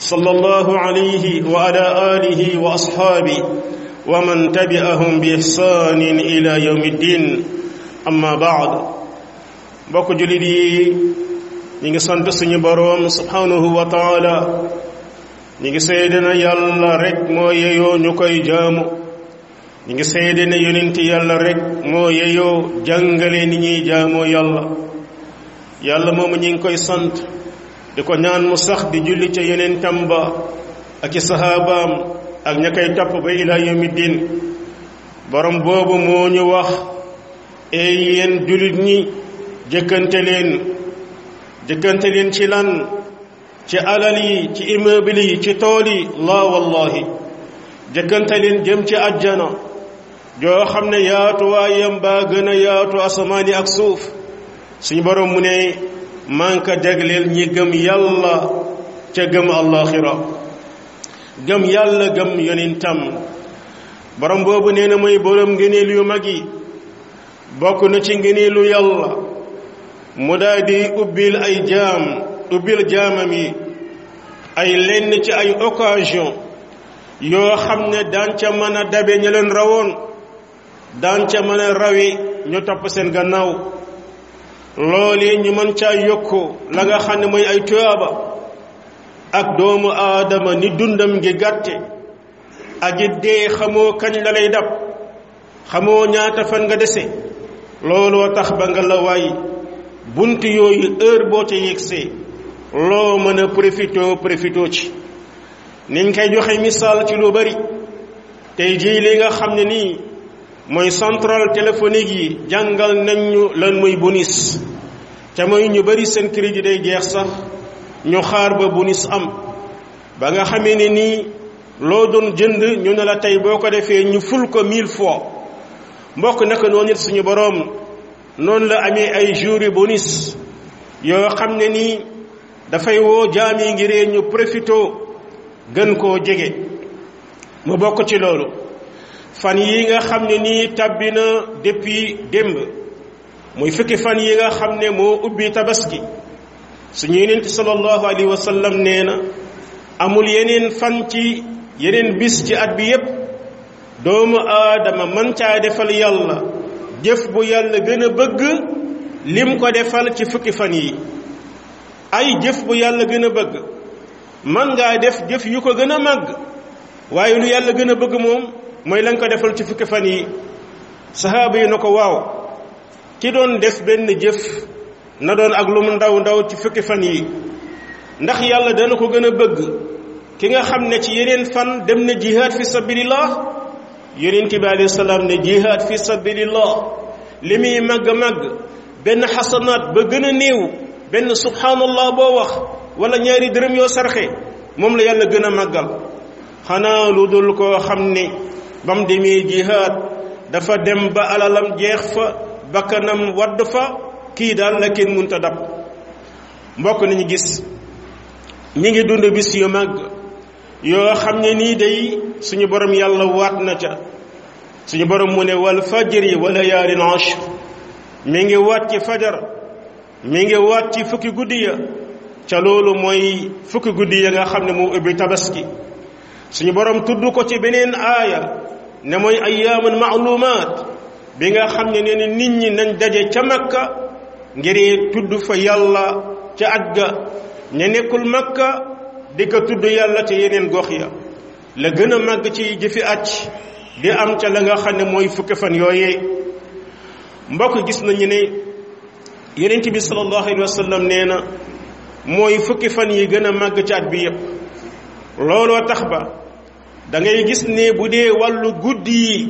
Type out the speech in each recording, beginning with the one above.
صلى الله عليه وعلى آله وأصحابه ومن تبعهم بإحسان إلى يوم الدين أما بعد بكو جلدي نيغي سانت سني بروم سبحانه وتعالى نيغي سيدنا يالا ريك مو ييو ñukoy جامو نيغي سيدنا يونت يالا ريك مو ييو جانغالي ni ñuy jaamu يالا yalla momu ñing koy sante di ko ñaan mu sax di julli ca yonentam ba ak i sahaabaam ak ña koy topp ba ilaa yawmi diin boobu moo ñu wax ey yéen jullit ñi jëkkante leen jëkkante leen ci lan ci alal yi ci immeuble yi ci tool yi laa wallahi jëkkante leen jëm ci ajjana joo xam ne yaatuwaayam baa gën a yaatu asamaan yi ak suuf suñu borom mu ne maa ngi ko jagleel ñi gëm yàlla ca gëm àllaaxira gëm yàlla gëm yonentam borom boobu nee na mooy borom ngëneel yu mag yi bokk na ci ngëneelu yàlla mu daal di ubbil ay jaam ubbil jaamam yi ay lenn ci ay occasion yoo xam ne daan ca mën a dabe ña leen rawoon daan ca mën a rawi ñu topp seen gannaaw loolee ñu mën caa yokkoo la nga xam ne mooy ay tuyaaba ak doomu aadama ni dundam ngi gàtte ak it dee xamoo kañ la lay dab xamoo ñaata fan nga dese looloo tax ba nga la waay bunt yooyu heure boo ca yegsee loo mën a profitoo profitoo ci niñ kay joxe misaal ci lu bari tey jii li nga xam ne nii mooy central téléphonique yi jàngal nañ ñu lan muy bonus te mooy ñu bari seen crédit day jeex sax ñu xaar ba bonus am ba nga xamee ne nii loo doon jënd ñu ne la tey boo ko defee ñu ful ko mille fois mbokk naka noonu suñu boroom noonu la amee ay jours yu yoo xam ne nii dafay woo jaam yi ngir ñu profito gën koo jege mu bokk ci loolu fan yi nga xam ne nii tabbi na depuis démb muy fukki fan yi nga xam ne moo ubbi tabas gi suñu yenent salallahu alayhi wa sallam nee na amul yeneen fan ci yeneen bis ci at bi yépp doomu aadama man caa defal yàlla jëf bu yàlla gën a bëgg lim ko defal ci fukki fan yi ay jëf bu yàlla gën a bëgg man ngaa def jëf yu ko gën a màgg waaye lu yàlla gën a bëgg moom mooy lañ ko defal ci fukki fan yi sahaaba yi na ko waaw ki doon def benn jëf na doon ak lu mu ndaw ndaw ci fukki fan yi ndax yàlla dana ko gën a bëgg ki nga xam ne ci yeneen fan dem na jihaad fi sabilillah yonent bi alayhi salaam ne jihaad fi sabilillah li muy màgg-màgg benn xasanaat ba gën a néew benn subhaanallah boo wax wala ñaari dërëm yoo sarxe moom la yàlla gën a màggal xanaa lu dul koo xam ne bam demee jihaad dafa dem ba alalam jeex fa bakkanam wadd fa kii daal la kenn mun dab mbokk nañu gis ñi ngi dund bis yu mag yoo xam ne nii day suñu borom yàlla waat na ca suñu borom mu ne wal fajri wa layalin ashr mi ngi waat ci fajar mi ngi waat ci fukki guddi ya ca loolu mooy fukki guddi ya nga xam ne moo ubbi tabaski suñu boroom tudd ko ci beneen aaya ne mooy ayyaaman maalumaat bi nga xam ne nee nit ñi nañ daje ca makka ngir tudd fa yàlla ca at ga ña nekkul makka di ko tudd yàlla ca yeneen gox ya la gën a màgg ci jëfi aj di am ca la nga xam ne mooy fukki fan yooyee mbokk gis nañu ne yonent bi sallallahu alayhi wa sallam nee na mooy fukki fan yi gën a màgg ci at bi yépp looloo tax ba da ngay gis ne bu dee wàllu guddi yi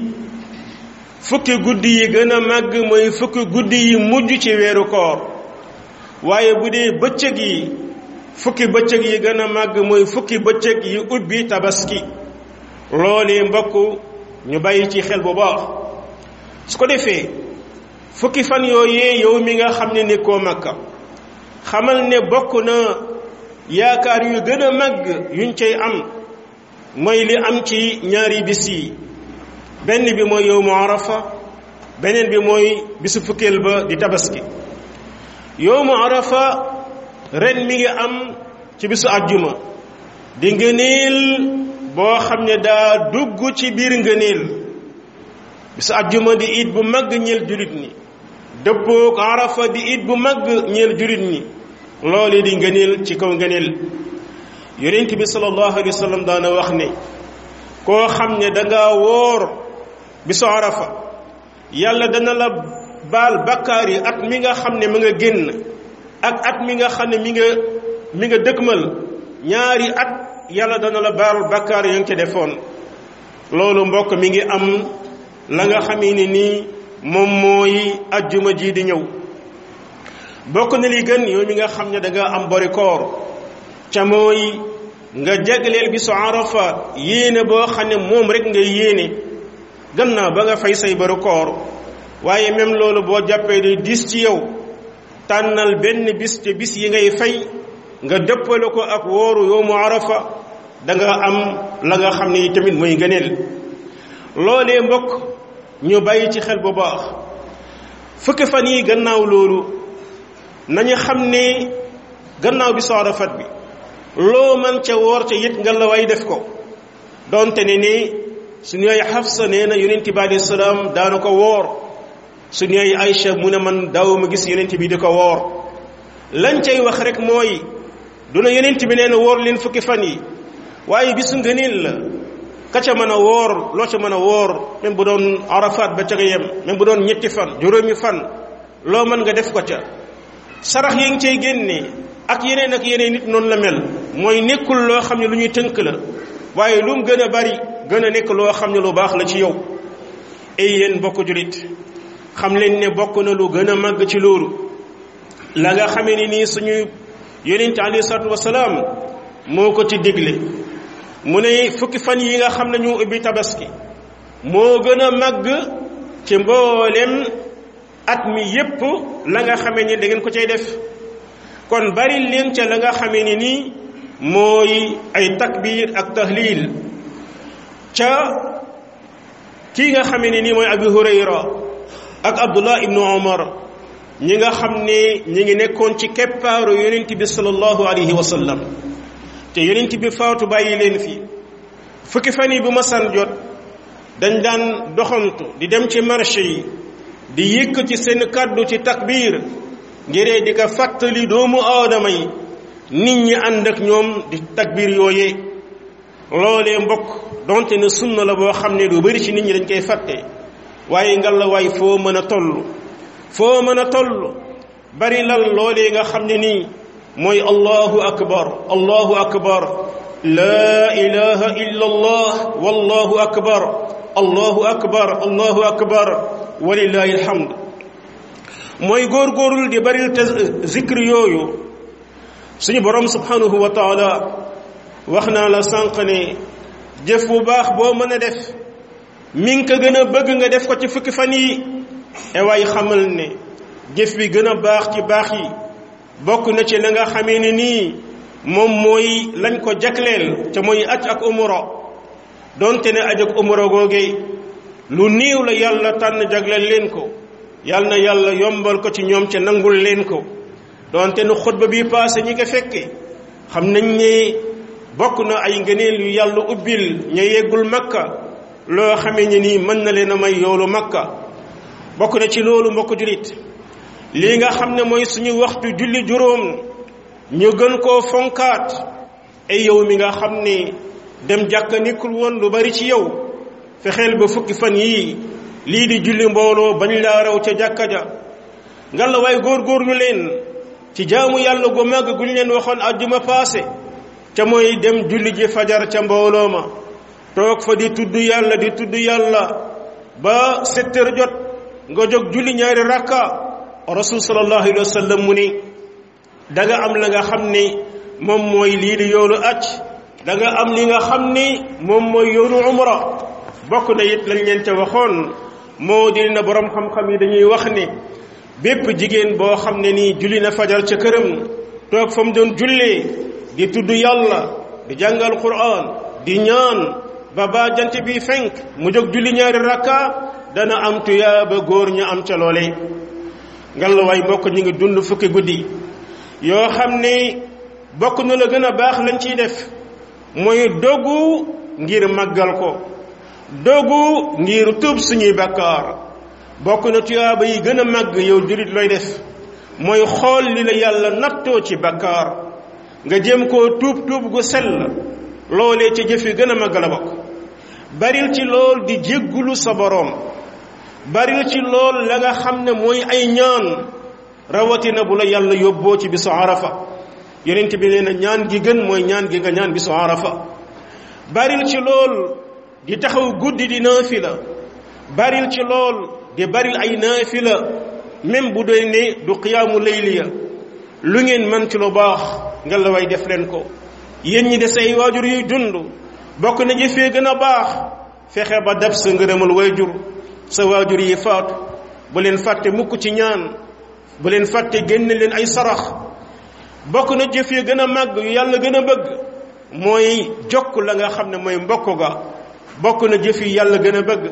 fukki guddi yi gën a màgg mooy fukki guddi yi mujj ci weeru koor waaye bu dee bëccëg yi fukki bëccëg yi gën a màgg mooy fukki bëccëg yi bi tabaski loolee mbokk ñu bàyyi ci xel bu baax su ko defee fukki fan yoo yooyee yow mi nga xam ne nekkoo Makka xamal ne bokk na yaakaar yu gën a màgg yuñ cay am mooy li am ci ñaari bis yi benn bi mooy yow mu arafa beneen bi mooy bisu fukkeel ba di tabaski yow mu arafa ren mi ngi am ci bisu ajjuma di ngëneel boo xam ne daa dugg ci biir ngëneel bisu ajjuma di it bu mag ñeel jurit ni dëppoog arafa di it bu mag ñeel jurit ni loolu di ngëneel ci kaw ngëneel yonent bi sallallahu alayhi wa sallam daana wax ne koo xam ne danga woor bi bisu arafa yàlla dana la baal bakkaar yi at mi nga xam ne mi nga génn ak at mi nga xam ne mi nga mi nga dëkkmal ñaari at yàlla dana la baal bakkaar yi nga ci defoon loolu mbokk mi ngi am la nga xamee ne nii moom mooy ajjuma ji di ñëw bokk na li gën yow mi nga xam ne danga am bori koor ca mooy nga jagleel bisu arafa yéene boo xam ne moom rekk nga yéene gannaaw ba nga fay say baru koor waaye même loolu boo jàppee day diis ci yow tànnal benn bis te bis yi ngay fay nga dëppale ko ak wooru yowmu arafa da am la nga xam ne tamit mooy gëneel loolee mbokk ñu bàyyi ci xel bu baax fukki fan yi gannaaw loolu nañu xam ne gannaaw bisu arafat bi loo man ca woor ca yit nga la way def ko donte ne nii suñu yaay Xafsa nee na yonent bi alayhi salaam daana ko woor suñu ay Aysa mu ne man daaw ma gis yonent bi di ko woor lañ cay wax rek mooy du ne yonent bi nee na woor leen fukki fan yi waaye bisu ngëneel la ka ca mën a woor loo ca mën a woor même bu doon arafaat ba ca nga yem bu doon ñetti fan juróomi fan loo mën nga def ko ca sarax yi nga cay génne ak yeneen ak yeneen nit noonu la mel mooy nekkul loo xam ne lu ñuy tënk la waaye lu mu gën a bari gën a nekk loo xam ne lu baax la ci yow ay yéen bokk julit xam leen ne bokk na lu gën a màgg ci loolu la nga xamee ni nii suñu yonent alayhi salaatu wasalaam moo ko ci digle mu ne fukki fan yi nga xam ne ñu ubbi tabaski moo gën a màgg ci mboolem at mi yépp la nga xamee ni dangeen ko cee def kon bari leen ca la nga xamee ni nii mooy ay takbir ak tahlil ca kii nga xamee ni nii mooy abi hurayra ak abdullah ibnu omar ñi nga xam ne ñi ngi nekkoon ci keppaaru yonent bi salallahu alayhi wa sallam te yonent bi faatu bàyyi leen fi fukki fan yi bu ma san jot dañ daan doxantu di dem ci marché yi di yëkk ci seen kaddu ci takbir ngiré di ko fàttali doomu aadama yi nit ñi ànd ak ñom di takbir yoyé lolé mbokk donte ne sunna la bo xamné do bari ci nit ñi dañ koy faté waye ngal la way fo mën a toll foo mën toll bari la lolé nga xamné ni moy allahu akbar allahu akbar la ilaha illa allah wallahu akbar allahu akbar allahu akbar walillahi alhamd mooy góorgóorul di baril te zikr yooyu suñu borom subhanahu wa taala wax naa la sànq ne jëf bu baax boo mën a def mink ngi gën a bëgg nga def ko ci fukki fan yi e waay xamal ne jëf bi gën a baax ci baax yi bokk na ci la nga xamee ne nii moom mooy lañ ko jagleel te mooy aj ak umra donte ne aj ak umra googe lu néew la yàlla tànn jagleel leen ko yal na yàlla yombal ko ci ñoom ca nangul leen ko te nu xutba bi passé ñi nga fekke xam nañ ne bokk na ay ngëneel yu yàlla ubbil ña yeggul makka loo xamee ni nii mën na leen a may yoolu makka bokk na ci loolu mbokk jullit lii nga xam ne mooy suñu waxtu julli juróom ñu gën koo fonkaat ay e yow mi nga xam ne dem jàkka woon lu bari ci yow fexeel ba fukki fan yii lii di julli mbooloo bañ laa raw ca jàkka ja ngal la way góor góorlu leen ci jaamu yàlla gu mag guñ leen waxoon àjjuma paase ca mooy dem julli ji fajar ca mbooloo ma toog fa di tudd yàlla di tudd yàlla ba setter jot nga jóg julli ñaari rakka rasul salallahu alei wa sallam mu ni da nga am la nga xam ni moom mooy lii di yoolu acc da nga am li nga xam ni moom mooy yoonu umra bokk na it lañ leen ca waxoon moo di na boroom xam-xam yi dañuy wax ni bépp jigéen boo xam ne nii julli na fajar ca këram toog fa mu doon jullee di tudd yàlla di jàngal quran di ñaan ba ba jant bi fenk mu jóg julli ñaari rakka dana am tuyaaba góor ñu am ca loole ngallaawaay mbokk ñu ngi dund fukki guddi yoo xam ne bokk nu la gën a baax lañ ciy def mooy dogu ngir màggal ko dogu ngir tuub suñuy bakkaar bokk na tuyaaba yi gën a màgg yow jurit looy def mooy xool li la yàlla nattoo ci bakkaar nga jëm ko tuub tuub gu sell loolee ca jëf gën a mag la bokk baril ci lool di jéggulu sa boroom baril ci lool la nga xam ne mooy ay ñaan rawatina bu la yàlla yóbboo ci bisu arafa yonent bi nee na ñaan gi gën mooy ñaan gi nga ñaan bisu arafa baril ci lool di taxaw guddi di la baril ci lool di baril ay la même bu dee ne du xiyaamu layli ya lu ngeen mën ci lu baax nga la def leen ko yéen ñi des ay waajur yuy dund bokk na jëfee gën a baax fexe ba dab sa ngërëmal waajur sa waajur yi faatu bu leen fàttee mukk ci ñaan bu leen fàtte génn leen ay sarax bokk na jëf gën a màgg yu yàlla gën a bëgg mooy jokk la nga xam ne mooy mbokk ga bokk na jëf yi yàlla gën a bëgg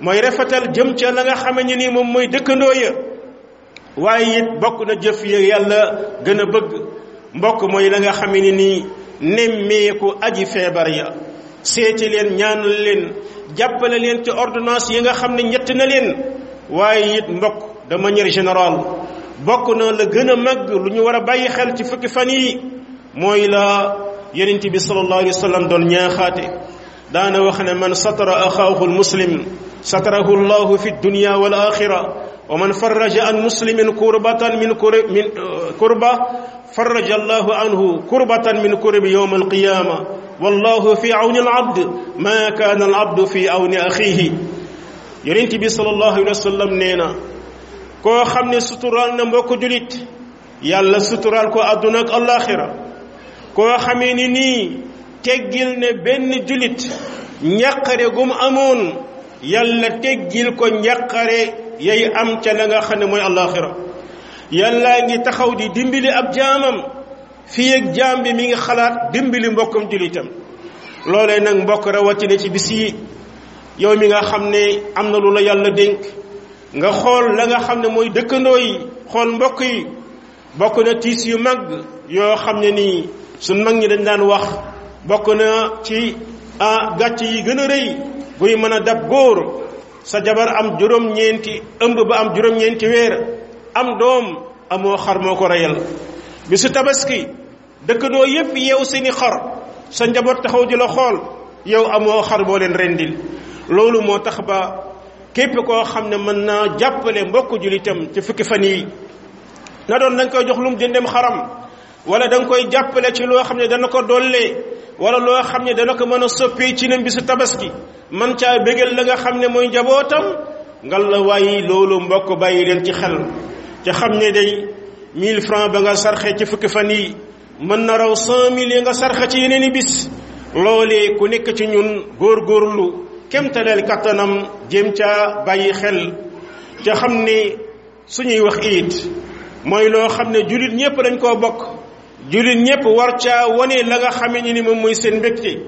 mooy rafetal jëm ca la nga xame ni moom mooy dëkkandoo ya waaye it bokk na jëf yi yàlla gën a bëgg mbokk mooy la nga xame ni nii nemmeeku aji feebar ya seeti leen ñaanal leen jàppale leen ci ordonnance yi nga xam ne ñett na leen waaye it mbokk dama manière générale bokk na la gën a màgg lu ñu war a bàyyi xel ci fukki fan yi mooy la yonent bi sallallahu alayhi wa sallam doon ñaaxaate دانا وخنا من سطر أخاه المسلم سطره الله في الدنيا والآخرة ومن فرج عن مسلم كربة من كربة فرج الله عنه كربة من كرب يوم القيامة والله في عون العبد ما كان العبد في عون أخيه يرنتي بي صلى الله عليه وسلم نينا كو خمني سترالنا مبوكو جليت يالا سترالكو أدنك الآخرة كو خميني ني teggil ne benn julit njàqare gu mu amoon yàlla teggil ko njàqare yay am ca la nga xam ne mooy àllaaxira yàllaa ngi taxaw di dimbali ab jaamam fii ak jaam bi mi ngi xalaat dimbali mbokkam julitam loolee nag mbokk rawatina ci bis yi yow mi nga xam ne am na lu la yàlla dénk nga xool la nga xam ne mooy dëkkandoo yi xool mbokk yi bokk na tiis yu mag yoo xam ne nii suñ mag ñi dañ daan wax bokk na ci ah gàcc yi gën a rëy guy mën a dab góor sa jabar am juróom-ñeenti ëmb ba am juróom-ñeenti weer am doom amoo xar moo ko reyal bisu tabaski dëkkandoo yépp yeew seeni xar sa njaboot taxaw di la xool yow amoo xar boo leen rendil loolu moo tax ba képp koo xam ne mën naa jàppale mbokk mbokku julitam ci fukki fan yi na doon da nga koy jox lum jëndem xaram wala da koy jàppale ci loo xam ne dana ko dollee wala loo xam ne dana ko mën a soppi ci nem bisu tabaski man caa bégal la nga xam ne mooy njabootam ngal la waayi loolu mbokk bàyyi leen ci xel te xam ne day 1000 francs ba nga sarxe ci fukki fan yi mën na raw 100000 yi nga sarxe ci yeneen i bis loolee ku nekk ci ñun góorgóorlu kemtaleel kattanam jéem caa bàyyi xel te xam ne suñuy wax it mooy loo xam ne jullit ñépp dañ koo bokk jullit ñépp war ca wane la nga xamee ni moom mooy seen mbégte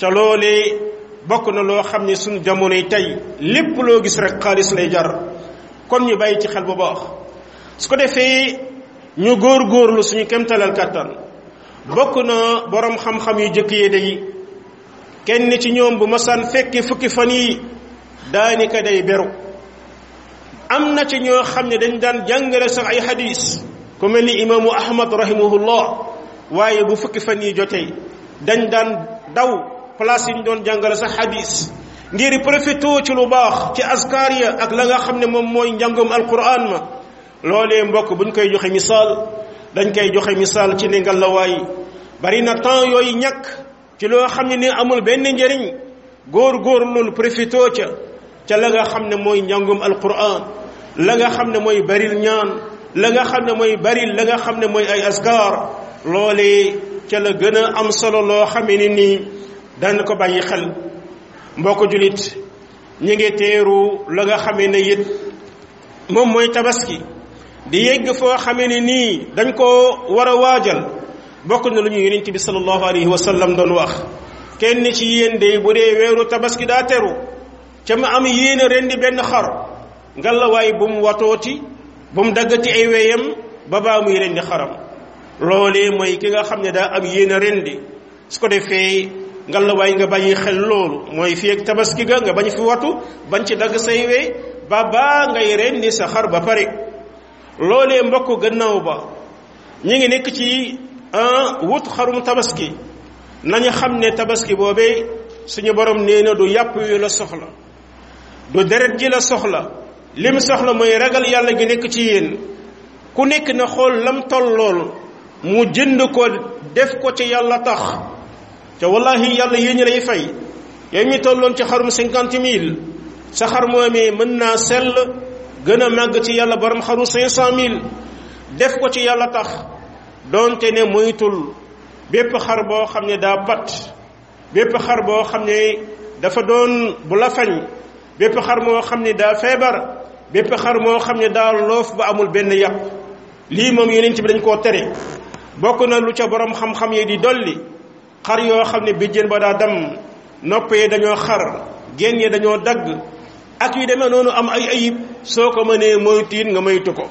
ca loolee bokk na loo xam ne suñu jamonoy tey lépp loo gis rek xaalis lay jar kon ñu bàyyi ci xel bu baax su ko defee ñu góor góorlu suñu kemtalal kàttan bokk na boroom xam-xam yu jëkk yi day kenn ci ñoom bu masaan fekke fukki fan yi daanaka day beru am na ci ñoo xam ne dañ daan jàngale sax ay hadis comme mel ni ahmad rahimahullah waye bu fukki fan yi jotee dañ daan daw place yi ñu doon jàngale sa hadith ngir profito ci lu bax ci askar ya ak la nga xamne mom moy mooy njàngum alquran ma lolé mbok buñ koy joxe misal dañ koy joxe misal ci la way bari na temps yoy ñak ci lo xamne ni amul ben njëriñ gor gor loolu profito ci ci la nga xamne moy mooy njàngum alquran la nga xamne moy baril ñaan la nga xam ne mooy bari la nga xam ne mooy ay askar loolee ca la gën a am solo loo xamee ne nii daan ko bàyyi xel mbokk julit ñu la nga xame ne it moom mooy tabaski di yegg foo xamee ne nii dañ koo war a waajal bokk na lu ñu yonent bi sallallahu alayhi wa sallam doon wax kenn ci yéen de bu dee weeru tabaski daa teru ca ma am yéen a rendi benn xar ngalla waay bu mu watooti bu mu daggati ay weyam ba baa muy rendi xaram loolee mooy ki nga xam ne daa am yéen a rendi su ko defee ngallaawaay nga bàyyi xel loolu mooy fi ak tabaski ga nga bañ fi watu bañ ci dagg say wey ba baa ngay rendi sa xar ba pare loole mbokk gannaaw ba ñu ngi nekk ci ah, wut xarum tabaski nañu xam ne tabaski boobee suñu borom nee na du yàpp yu la soxla du deret ji la soxla li mu soxla mooy ragal yàlla gi nekk ci yéen ku nekk na xool lam tollool mu jënd ko def ko ci yàlla tax te wallahi yàlla yéen ñi lay fay yéen ñi tolloon ci xarum cinquante mille sa xar moomee mën naa sell gën a màgg ci yàlla borom xaru cinq cent mille def ko ci yàlla tax doonte ne moytul bépp xar boo xam ne daa pat bépp xar boo xam ne dafa doon bu la fañ bépp xar moo xam ne daa feebar bépp xar moo xam ne daal loof ba amul benn yàpp lii moom yeneen ci bi dañ koo tere bokk na lu ca boroom xam-xam yi di dolli xar yoo xam ne bijjeen ba daa dam nopp dañoo xar génn yi dañoo dagg ak yu demee noonu am ay ayib soo ko mënee moytiin nga moytu ko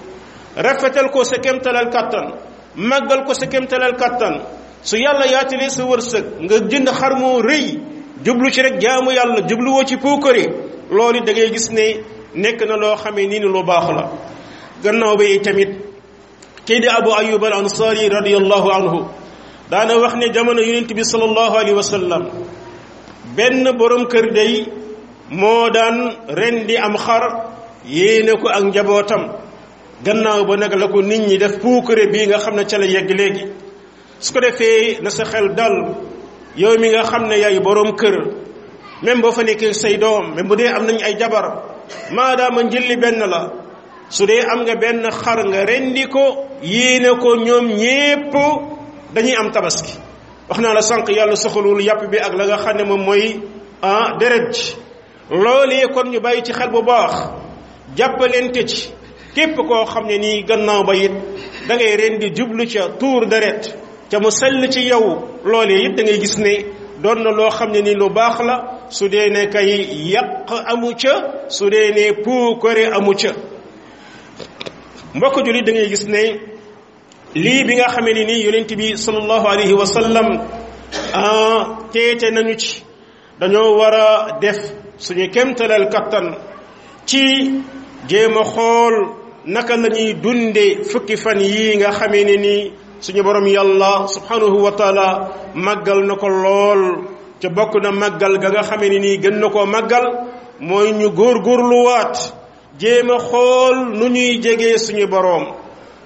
rafetal ko sa kemtalal kàttan màggal ko sa kemtalal kàttan su yàlla yaatalee sa wërsëg nga jënd xar moo rëy jublu ci rek jaamu yàlla jubluwoo ci puukare loolu da ngay gis ne nekk na loo xamee ni lu baax la gannaaw ba yi tamit kii di abu ayub al ansaari radiallahu anhu daana wax ne jamono yonent bi salallahu alayhi wa sallam benn boroom kër day moo daan rendi am xar yéene ko ak njabootam gannaaw ba nag la ko nit ñi def puukare bii nga xam ne ca la yegg léegi su ko defee na sa xel dal yow mi nga xam ne yaay boroom kër même boo fa nekkee say doom même bu dee am nañu ay jabar maadaama njëlli benn la su dee am nga benn xar nga rendi ko yéene ko ñoom ñépp dañuy am tabaski wax naa la sànq yàlla soxalul yàpp bi ak la nga xam ne moom mooy ah deret ji loolee kon ñu bàyyi ci xel bu baax jàppalente ci képp koo xam ne ni gannaaw ba it dangay ngay rendi jublu ca tuur deret ca mu sell ci yow loolee it da ngay gis ne doon na loo xam ne ni lu baax la su dee ne kay yàq amu ca su dee ne puukare amu ca mbokk jullit da gis ne lii bi nga xamee ne ni yonent bi sallallahu alayhi wa sallam ah, teete nañu ci dañoo war a def suñu kemtalal kattan ci jéem a xool naka la ñuy dunde fukki fan yii nga xamee ne nii suñu borom yàlla subhanahu wa taala màggal na ko lool ca bokk na màggal ga nga xamee ni nii gën na koo màggal mooy ñu góorgóorluwaat jéem a xool nu ñuy jege suñu boroom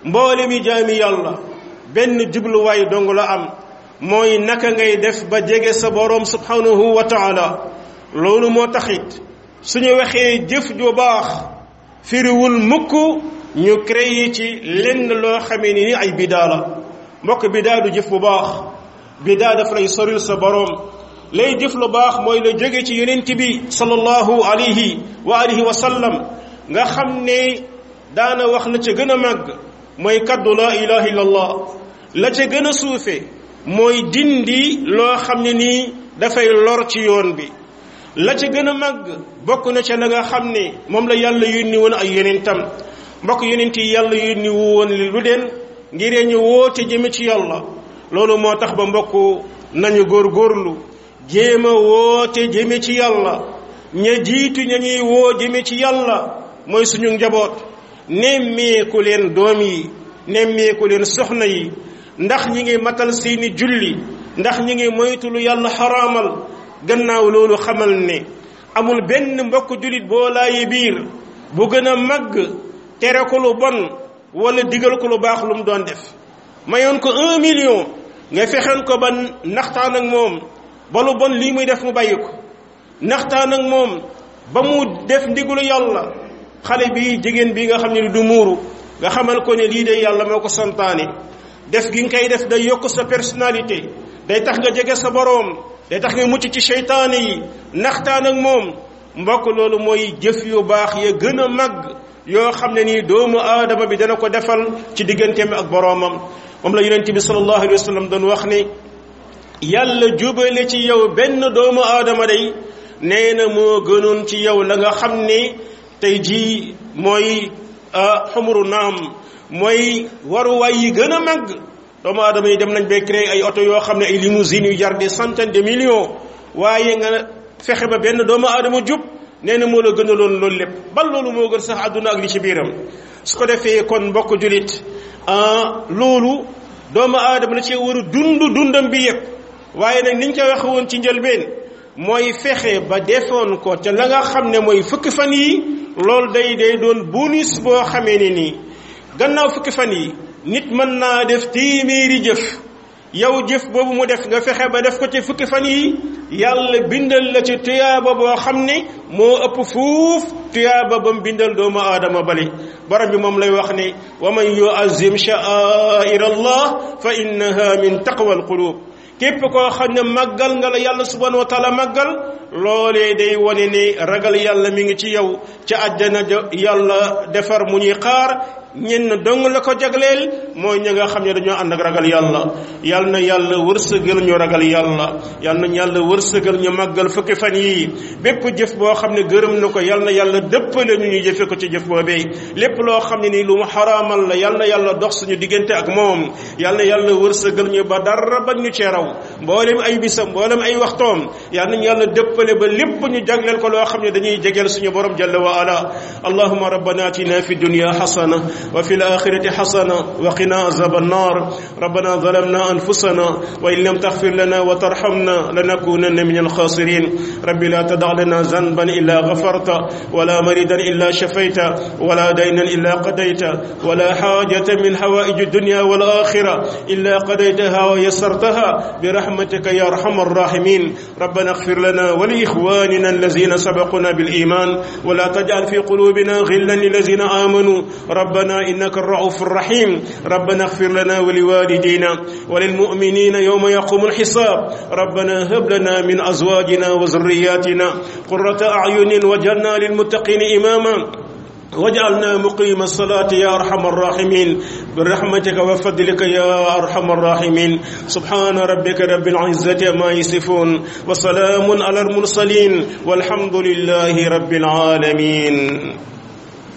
mboole bi jaami yàlla benn jubluwaay dong la am mooy naka ngay def ba jege sa boroom subhanahu wa taala loolu moo taxit suñu waxee jëf ju baax firiwul mukk ñu créé ci lenn loo xamee ni ay bidaa mbokk bidaa du jëf bu baax bi bidaa daf lay soril sa borom lay jëf lu baax mooy la jóge ci yonent bi sallallahu alayhi wa alihi wa sallam nga xam ne daana wax na ca gën a màgg mooy kaddu la ilaha illallah la ca gën a suufe mooy dindi loo xam ne nii dafay lor ci yoon bi la ca gën a màgg bokk na ca nga xam ne moom la yàlla yónni woon ay yonentam mbokk yonent yi yàlla yónni woon li lu den ngir woo woote jëme ci yàlla loolu moo tax ba mbokk nañu góor góorlu jéem a woote jëme ci yàlla ña jiitu ña ñuy woo jëme ci yàlla mooy suñu njaboot nemmeeku leen doom yi nemmeeku leen soxna yi ndax ñi ngi matal seeni julli ndax ñi ngi moytu lu yàlla xaraamal gannaaw loolu xamal ne amul benn mbokk jullit boo laayi biir bu gën a màgg tere ko lu bon wala digal ko lu baax lu mu doon def mayoon ko un million nga fexeen ko ba naxtaan ak moom ba lu bon lii muy def mu bàyyi ko naxtaan ak moom ba mu def ndigalu yàlla xale bi jigéen bi nga xam ne du muuru nga xamal ko ne lii de yàlla moo ko santaane def gi nga koy def day yokk sa personnalité day tax nga jege sa boroom day tax nga mucc ci seytaane yi naxtaan ak moom mbokk loolu mooy jëf yu baax ya gën a màgg yo xamne ni doomu adama bi dana ko defal ci digeentem ak boromam mom la yonente bi sallallahu alayhi wasallam don wax ni yàlla jubale ci yow ben doomu adama day neena mo moo ci yow la nga xamne tay ji moy humru nam moy waru way yi gën mag doomu adama yi dem nañ be créer ay auto yo xamne ay limousine yu jar des centaines de millions waye nga fexe ba benn doomu adama jub nee na moo la gënaloon loolu lépp bal loolu moo gën sax àdduna ak li ci biiram su ko defee kon mbokk jullit ah, loolu doomu aadama la cee war a dund dundam bi yëpp waaye nag niñ ko wax woon ci njëlbeen mooy fexe ba defoon ko ca la nga xam ne mooy fukki fan yi loolu day day doon bonus boo xamee ne nii gannaaw fukki fan yi nit mën naa def téeméeri jëf yow jëf boobu mu def nga fexe ba def ko ci fukki fan yi yàlla bindal la ci tuyaaba boo xam ne moo ëpp fuuf tuyaaba bam bindal doomu aadama bale borom bi moom lay wax ne wa man yuazim sha'air allah fa innaha min taqwa alqulub képp koo xam ne màggal nga la yàlla subhanahu wa taala màggal loolee day wone ne ragal yàlla mi ngi ci yow ca àjjana yàlla defar mu ñuy xaar ñenn dong la ko jagleel mooy ñi nga xam ne dañoo ànd ak ragal yàlla yal na yàlla wërsëgal ñu ragal yàlla yal na yàlla wërsëgal ñu màggal fukki fan yii bépp jëf boo xam ne gërëm na ko yal na yàlla dëppale ñu ñu jëfe ko ci jëf boobee lépp loo xam ne nii lu mu xaraamal la yal yàlla dox suñu diggante ak moom yal na yàlla wërsëgal ñu ba dara ba ñu cee raw mboolem ay bisam mboolem ay waxtoom yal nañu yàlla dëppale ba lépp ñu jagleel ko loo xam ne dañuy jegeel suñu borom jalla wa ala allahumma rabbana atina fi dunya hasana وفي الآخرة حسنة وقنا عذاب النار ربنا ظلمنا أنفسنا وإن لم تغفر لنا وترحمنا لنكونن من الخاسرين رب لا تدع لنا ذنبا إلا غفرت ولا مريدا إلا شفيت ولا دينا إلا قضيت ولا حاجة من حوائج الدنيا والآخرة إلا قضيتها ويسرتها برحمتك يا أرحم الراحمين ربنا اغفر لنا ولإخواننا الذين سبقونا بالإيمان ولا تجعل في قلوبنا غلا للذين آمنوا ربنا ربنا إنك الرؤوف الرحيم ربنا اغفر لنا ولوالدينا وللمؤمنين يوم يقوم الحساب ربنا هب لنا من أزواجنا وذرياتنا قرة أعين وجعلنا للمتقين إماما واجعلنا مقيم الصلاة يا أرحم الراحمين برحمتك وفضلك يا أرحم الراحمين سبحان ربك رب العزة ما يصفون وسلام على المرسلين والحمد لله رب العالمين